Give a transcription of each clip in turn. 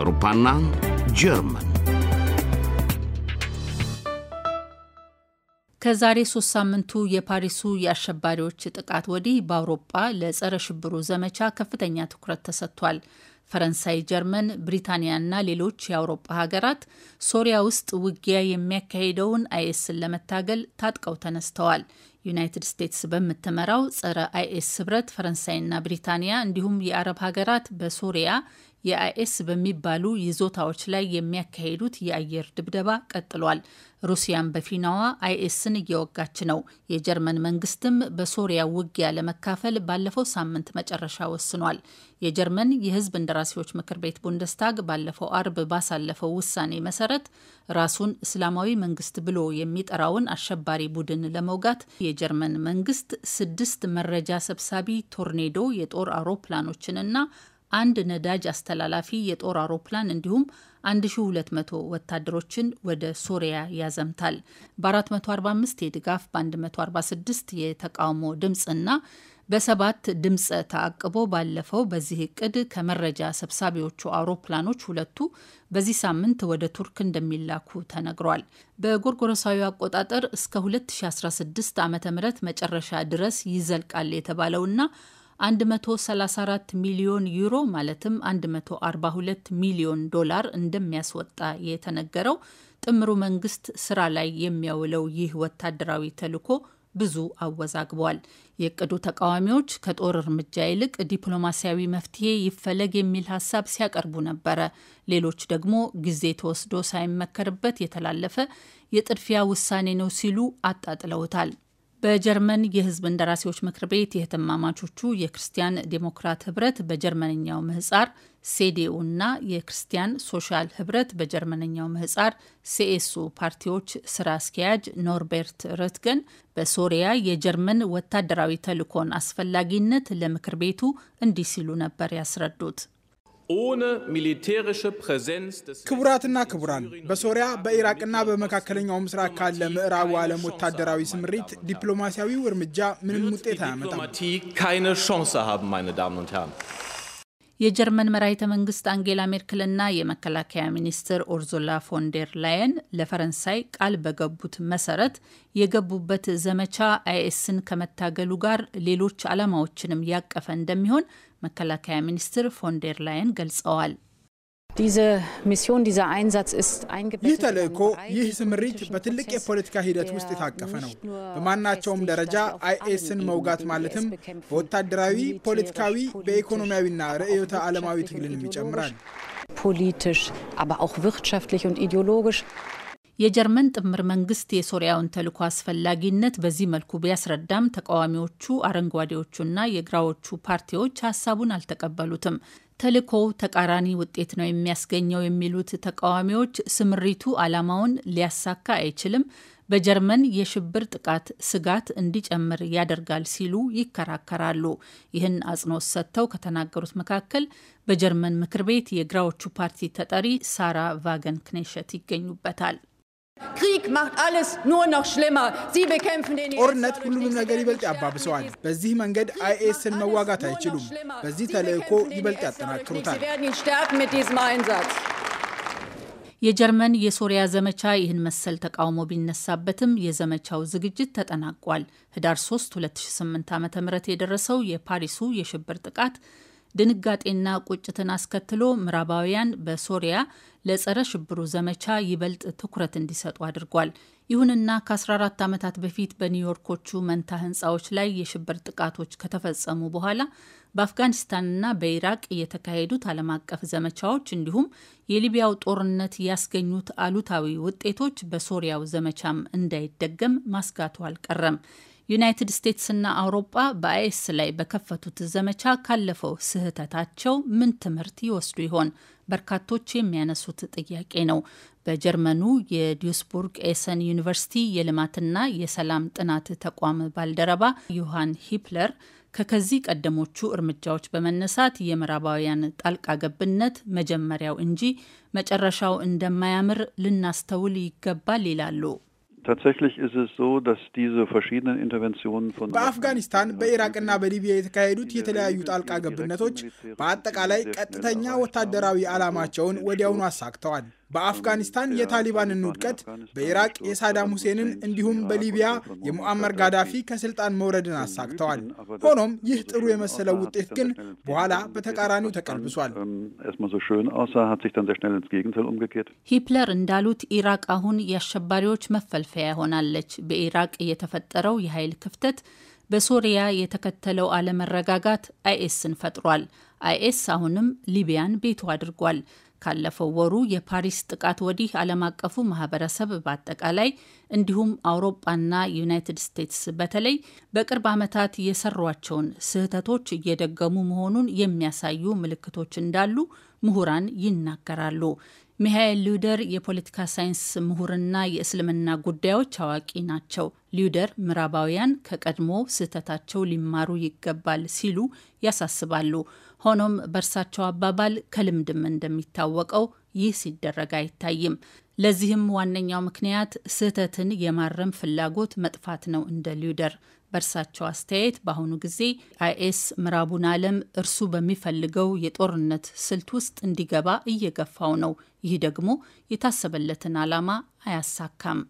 አውሮፓና ጀርመን ከዛሬ ሶስት ሳምንቱ የፓሪሱ የአሸባሪዎች ጥቃት ወዲህ በአውሮጳ ለጸረ ሽብሩ ዘመቻ ከፍተኛ ትኩረት ተሰጥቷል። ፈረንሳይ፣ ጀርመን፣ ብሪታንያና ሌሎች የአውሮፓ ሀገራት ሶሪያ ውስጥ ውጊያ የሚያካሂደውን አይኤስን ለመታገል ታጥቀው ተነስተዋል። ዩናይትድ ስቴትስ በምትመራው ጸረ አይኤስ ህብረት ፈረንሳይና ብሪታንያ እንዲሁም የአረብ ሀገራት በሶሪያ የአይኤስ በሚባሉ ይዞታዎች ላይ የሚያካሂዱት የአየር ድብደባ ቀጥሏል። ሩሲያን በፊናዋ አይኤስን እየወጋች ነው። የጀርመን መንግስትም በሶሪያ ውጊያ ለመካፈል ባለፈው ሳምንት መጨረሻ ወስኗል። የጀርመን የህዝብ እንደራሴዎች ምክር ቤት ቡንደስታግ ባለፈው አርብ ባሳለፈው ውሳኔ መሰረት ራሱን እስላማዊ መንግስት ብሎ የሚጠራውን አሸባሪ ቡድን ለመውጋት የጀርመን መንግስት ስድስት መረጃ ሰብሳቢ ቶርኔዶ የጦር አውሮፕላኖችንና አንድ ነዳጅ አስተላላፊ የጦር አውሮፕላን እንዲሁም 1200 ወታደሮችን ወደ ሶሪያ ያዘምታል። በ445 የድጋፍ በ146 የተቃውሞ ድምፅና በሰባት ድምፀ ተአቅቦ ባለፈው በዚህ እቅድ ከመረጃ ሰብሳቢዎቹ አውሮፕላኖች ሁለቱ በዚህ ሳምንት ወደ ቱርክ እንደሚላኩ ተነግሯል። በጎርጎረሳዊ አቆጣጠር እስከ 2016 ዓ ም መጨረሻ ድረስ ይዘልቃል የተባለውና 134 ሚሊዮን ዩሮ ማለትም 142 ሚሊዮን ዶላር እንደሚያስወጣ የተነገረው ጥምሩ መንግስት ስራ ላይ የሚያውለው ይህ ወታደራዊ ተልዕኮ ብዙ አወዛግቧል። የእቅዱ ተቃዋሚዎች ከጦር እርምጃ ይልቅ ዲፕሎማሲያዊ መፍትሄ ይፈለግ የሚል ሀሳብ ሲያቀርቡ ነበረ። ሌሎች ደግሞ ጊዜ ተወስዶ ሳይመከርበት የተላለፈ የጥድፊያ ውሳኔ ነው ሲሉ አጣጥለውታል። በጀርመን የህዝብ እንደራሴዎች ምክር ቤት የህትማማቾቹ የክርስቲያን ዴሞክራት ህብረት በጀርመንኛው ምህጻር ሴዲኡ እና የክርስቲያን ሶሻል ህብረት በጀርመንኛው ምህጻር ሲኤሱ ፓርቲዎች ስራ አስኪያጅ ኖርቤርት ርትገን በሶሪያ የጀርመን ወታደራዊ ተልእኮን አስፈላጊነት ለምክር ቤቱ እንዲህ ሲሉ ነበር ያስረዱት። ክቡራትና ክቡራን በሶሪያ በኢራቅና በመካከለኛው ምስራቅ ካለ ምዕራቡ ዓለም ወታደራዊ ስምሪት ዲፕሎማሲያዊው እርምጃ ምንም ውጤት አያመጣም። የጀርመን መራሂተ መንግስት አንጌላ ሜርክልና የመከላከያ ሚኒስትር ኦርዙላ ፎንዴር ላየን ለፈረንሳይ ቃል በገቡት መሰረት የገቡበት ዘመቻ አይኤስን ከመታገሉ ጋር ሌሎች ዓላማዎችንም ያቀፈ እንደሚሆን መከላከያ ሚኒስትር ፎንዴር ላየን ገልጸዋል። ይህ ተልእኮ ይህ ስምሪት በትልቅ የፖለቲካ ሂደት ውስጥ የታቀፈ ነው። በማናቸውም ደረጃ አይኤስን መውጋት ማለትም በወታደራዊ፣ ፖለቲካዊ፣ በኢኮኖሚያዊና ርዕዮተ ዓለማዊ ትግልንም ይጨምራል። የጀርመን ጥምር መንግስት የሶሪያውን ተልእኮ አስፈላጊነት በዚህ መልኩ ቢያስረዳም ተቃዋሚዎቹ አረንጓዴዎቹና የግራዎቹ ፓርቲዎች ሀሳቡን አልተቀበሉትም። ተልኮ ተቃራኒ ውጤት ነው የሚያስገኘው የሚሉት ተቃዋሚዎች ስምሪቱ ዓላማውን ሊያሳካ አይችልም፣ በጀርመን የሽብር ጥቃት ስጋት እንዲጨምር ያደርጋል ሲሉ ይከራከራሉ። ይህን አጽንኦት ሰጥተው ከተናገሩት መካከል በጀርመን ምክር ቤት የግራዎቹ ፓርቲ ተጠሪ ሳራ ቫገን ክኔሸት ይገኙበታል። ጦርነት ሁሉንም ነገር ይበልጥ ያባብሰዋል። በዚህ መንገድ አይኤስን መዋጋት አይችሉም። በዚህ ተልዕኮ ይበልጥ ያጠናክሩታል። የጀርመን የሶሪያ ዘመቻ ይህን መሰል ተቃውሞ ቢነሳበትም የዘመቻው ዝግጅት ተጠናቋል። ህዳር 3 2008 ዓ ም የደረሰው የፓሪሱ የሽብር ጥቃት ድንጋጤና ቁጭትን አስከትሎ ምዕራባውያን በሶሪያ ለጸረ ሽብሩ ዘመቻ ይበልጥ ትኩረት እንዲሰጡ አድርጓል። ይሁንና ከ14 ዓመታት በፊት በኒውዮርኮቹ መንታ ህንፃዎች ላይ የሽብር ጥቃቶች ከተፈጸሙ በኋላ በአፍጋኒስታንና በኢራቅ የተካሄዱት ዓለም አቀፍ ዘመቻዎች እንዲሁም የሊቢያው ጦርነት ያስገኙት አሉታዊ ውጤቶች በሶሪያው ዘመቻም እንዳይደገም ማስጋቱ አልቀረም። ዩናይትድ ስቴትስና አውሮጳ በአይኤስ ላይ በከፈቱት ዘመቻ ካለፈው ስህተታቸው ምን ትምህርት ይወስዱ ይሆን? በርካቶች የሚያነሱት ጥያቄ ነው። በጀርመኑ የዲስቡርግ ኤሰን ዩኒቨርሲቲ የልማትና የሰላም ጥናት ተቋም ባልደረባ ዮሐን ሂፕለር ከከዚህ ቀደሞቹ እርምጃዎች በመነሳት የምዕራባውያን ጣልቃ ገብነት መጀመሪያው እንጂ መጨረሻው እንደማያምር ልናስተውል ይገባል ይላሉ። Tatsächlich ist es so, dass diese verschiedenen Interventionen von በአፍጋኒስታን በኢራቅና በሊቢያ የተካሄዱት የተለያዩ ጣልቃ ገብነቶች በአጠቃላይ ቀጥተኛ ወታደራዊ ዓላማቸውን ወዲያውኑ አሳክተዋል። በአፍጋኒስታን የታሊባንን ውድቀት፣ በኢራቅ የሳዳም ሁሴንን እንዲሁም በሊቢያ የሙአመር ጋዳፊ ከስልጣን መውረድን አሳክተዋል። ሆኖም ይህ ጥሩ የመሰለው ውጤት ግን በኋላ በተቃራኒው ተቀልብሷል። ሂፕለር እንዳሉት ኢራቅ አሁን የአሸባሪዎች መፈልፈያ ሆናለች። በኢራቅ የተፈጠረው የኃይል ክፍተት በሶሪያ የተከተለው አለመረጋጋት አይኤስን ፈጥሯል። አይኤስ አሁንም ሊቢያን ቤቱ አድርጓል። ካለፈው ወሩ የፓሪስ ጥቃት ወዲህ ዓለም አቀፉ ማህበረሰብ በአጠቃላይ እንዲሁም አውሮፓና ዩናይትድ ስቴትስ በተለይ በቅርብ ዓመታት የሰሯቸውን ስህተቶች እየደገሙ መሆኑን የሚያሳዩ ምልክቶች እንዳሉ ምሁራን ይናገራሉ። ሚሃኤል ሉደር የፖለቲካ ሳይንስ ምሁርና የእስልምና ጉዳዮች አዋቂ ናቸው። ሉደር ምዕራባውያን ከቀድሞ ስህተታቸው ሊማሩ ይገባል ሲሉ ያሳስባሉ። ሆኖም በእርሳቸው አባባል ከልምድም እንደሚታወቀው ይህ ሲደረግ አይታይም። ለዚህም ዋነኛው ምክንያት ስህተትን የማረም ፍላጎት መጥፋት ነው። እንደ ሉደር በእርሳቸው አስተያየት በአሁኑ ጊዜ አይኤስ ምዕራቡን ዓለም እርሱ በሚፈልገው የጦርነት ስልት ውስጥ እንዲገባ እየገፋው ነው። ይህ ደግሞ የታሰበለትን ዓላማ አያሳካም።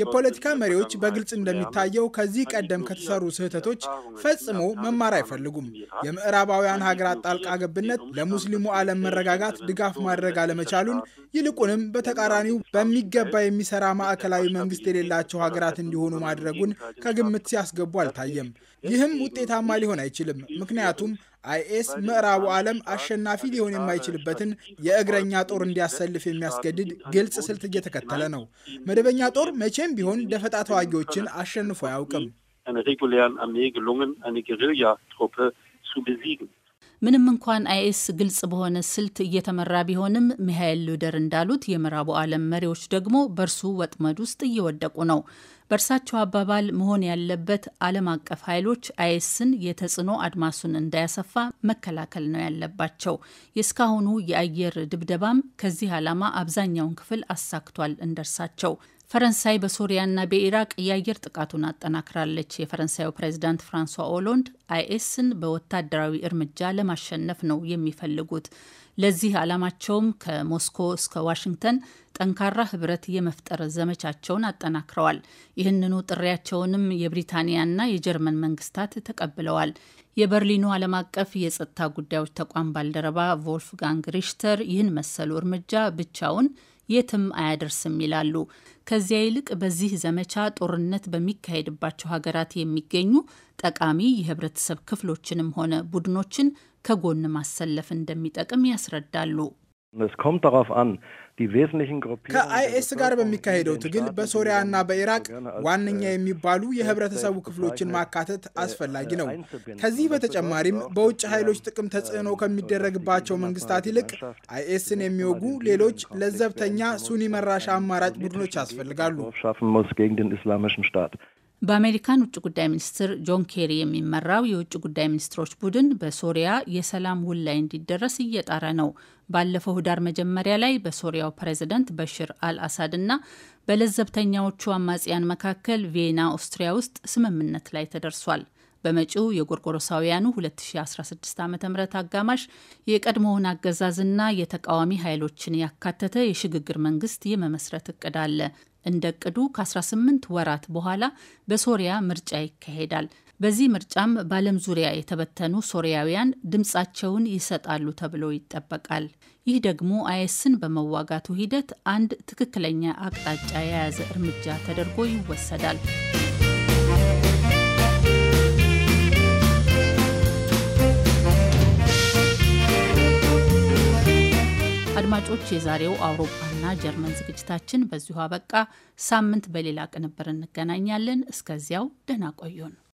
የፖለቲካ መሪዎች በግልጽ እንደሚታየው ከዚህ ቀደም ከተሰሩ ስህተቶች ፈጽሞ መማር አይፈልጉም። የምዕራባውያን ሀገራት ጣልቃ ገብነት ለሙስሊሙ ዓለም መረጋጋት ድጋፍ ማድረግ አለመቻሉን፣ ይልቁንም በተቃራኒው በሚገባ የሚሰራ ማዕከላዊ መንግስት የሌላቸው ሀገራት እንዲሆኑ ማድረጉን ከግምት ሲያስገቡ አልታየም። ይህም ውጤታማ ሊሆን አይችልም። ምክንያቱም አይኤስ ምዕራቡ ዓለም አሸናፊ ሊሆን የማይችልበትን የእግረኛ ጦር እንዲያሰልፍ የሚያስገድድ ግልጽ ስልት እየተከተለ ነው። መደበኛ ጦር መቼም ቢሆን ደፈጣ ተዋጊዎችን አሸንፎ አያውቅም። ምንም እንኳን አይኤስ ግልጽ በሆነ ስልት እየተመራ ቢሆንም ሚሃኤል ሉደር እንዳሉት የምዕራቡ ዓለም መሪዎች ደግሞ በእርሱ ወጥመድ ውስጥ እየወደቁ ነው። በእርሳቸው አባባል መሆን ያለበት ዓለም አቀፍ ኃይሎች አይኤስን የተጽዕኖ አድማሱን እንዳያሰፋ መከላከል ነው ያለባቸው። የእስካሁኑ የአየር ድብደባም ከዚህ ዓላማ አብዛኛውን ክፍል አሳክቷል እንደርሳቸው ፈረንሳይ በሶሪያና በኢራቅ የአየር ጥቃቱን አጠናክራለች። የፈረንሳዩ ፕሬዚዳንት ፍራንሷ ኦሎንድ አይኤስን በወታደራዊ እርምጃ ለማሸነፍ ነው የሚፈልጉት። ለዚህ ዓላማቸውም ከሞስኮ እስከ ዋሽንግተን ጠንካራ ህብረት የመፍጠር ዘመቻቸውን አጠናክረዋል። ይህንኑ ጥሪያቸውንም የብሪታንያና የጀርመን መንግስታት ተቀብለዋል። የበርሊኑ ዓለም አቀፍ የጸጥታ ጉዳዮች ተቋም ባልደረባ ቮልፍጋንግ ሪሽተር ይህን መሰሉ እርምጃ ብቻውን የትም አያደርስም ይላሉ። ከዚያ ይልቅ በዚህ ዘመቻ ጦርነት በሚካሄድባቸው ሀገራት የሚገኙ ጠቃሚ የህብረተሰብ ክፍሎችንም ሆነ ቡድኖችን ከጎን ማሰለፍ እንደሚጠቅም ያስረዳሉ። ከአይኤስ ጋር በሚካሄደው ትግል በሶሪያና በኢራቅ ዋነኛ äh, የሚባሉ äh, የህብረተሰቡ ክፍሎችን ማካተት äh, አስፈላጊ ነው። ከዚህ በተጨማሪም በውጭ ኃይሎች ጥቅም ተጽዕኖ ከሚደረግባቸው መንግስታት ይልቅ አይኤስን የሚወጉ ሌሎች ለዘብተኛ ሱኒ መራሻ አማራጭ ቡድኖች ያስፈልጋሉ። በአሜሪካን ውጭ ጉዳይ ሚኒስትር ጆን ኬሪ የሚመራው የውጭ ጉዳይ ሚኒስትሮች ቡድን በሶሪያ የሰላም ውል ላይ እንዲደረስ እየጣረ ነው። ባለፈው ህዳር መጀመሪያ ላይ በሶሪያው ፕሬዝደንት በሽር አልአሳድ እና በለዘብተኛዎቹ አማጽያን መካከል ቪየና ኦስትሪያ ውስጥ ስምምነት ላይ ተደርሷል። በመጪው የጎርጎሮሳውያኑ 2016 ዓ ም አጋማሽ የቀድሞውን አገዛዝና የተቃዋሚ ኃይሎችን ያካተተ የሽግግር መንግስት የመመስረት እቅድ አለ። እንደ ቅዱ ከ18 ወራት በኋላ በሶሪያ ምርጫ ይካሄዳል። በዚህ ምርጫም በዓለም ዙሪያ የተበተኑ ሶሪያውያን ድምፃቸውን ይሰጣሉ ተብሎ ይጠበቃል። ይህ ደግሞ አይኤስን በመዋጋቱ ሂደት አንድ ትክክለኛ አቅጣጫ የያዘ እርምጃ ተደርጎ ይወሰዳል። አድማጮች፣ የዛሬው አውሮፓ አፍሪካና ጀርመን ዝግጅታችን በዚሁ አበቃ። ሳምንት በሌላ ቅንብር እንገናኛለን። እስከዚያው ደህና ቆዩን።